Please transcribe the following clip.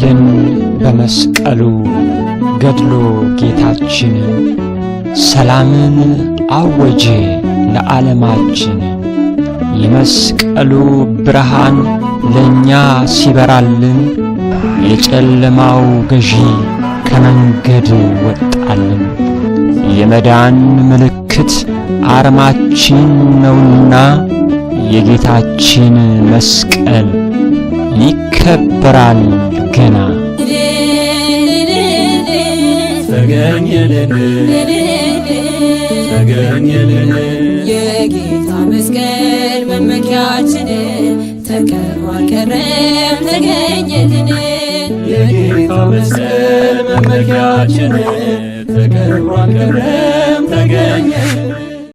ይህን በመስቀሉ ገድሎ ጌታችን ሰላምን አወጀ ለዓለማችን። የመስቀሉ ብርሃን ለእኛ ሲበራልን የጨለማው ገዢ ከመንገድ ወጣልን። የመዳን ምልክት አርማችን ነውና የጌታችን መስቀል ይከበራል ገና ተገኘልን የጌታ መስቀል መመኪያችን ተቀርቧል ከረም ተገኘልን የጌታ መስቀል መመኪያችን ተቀርቧል ከረም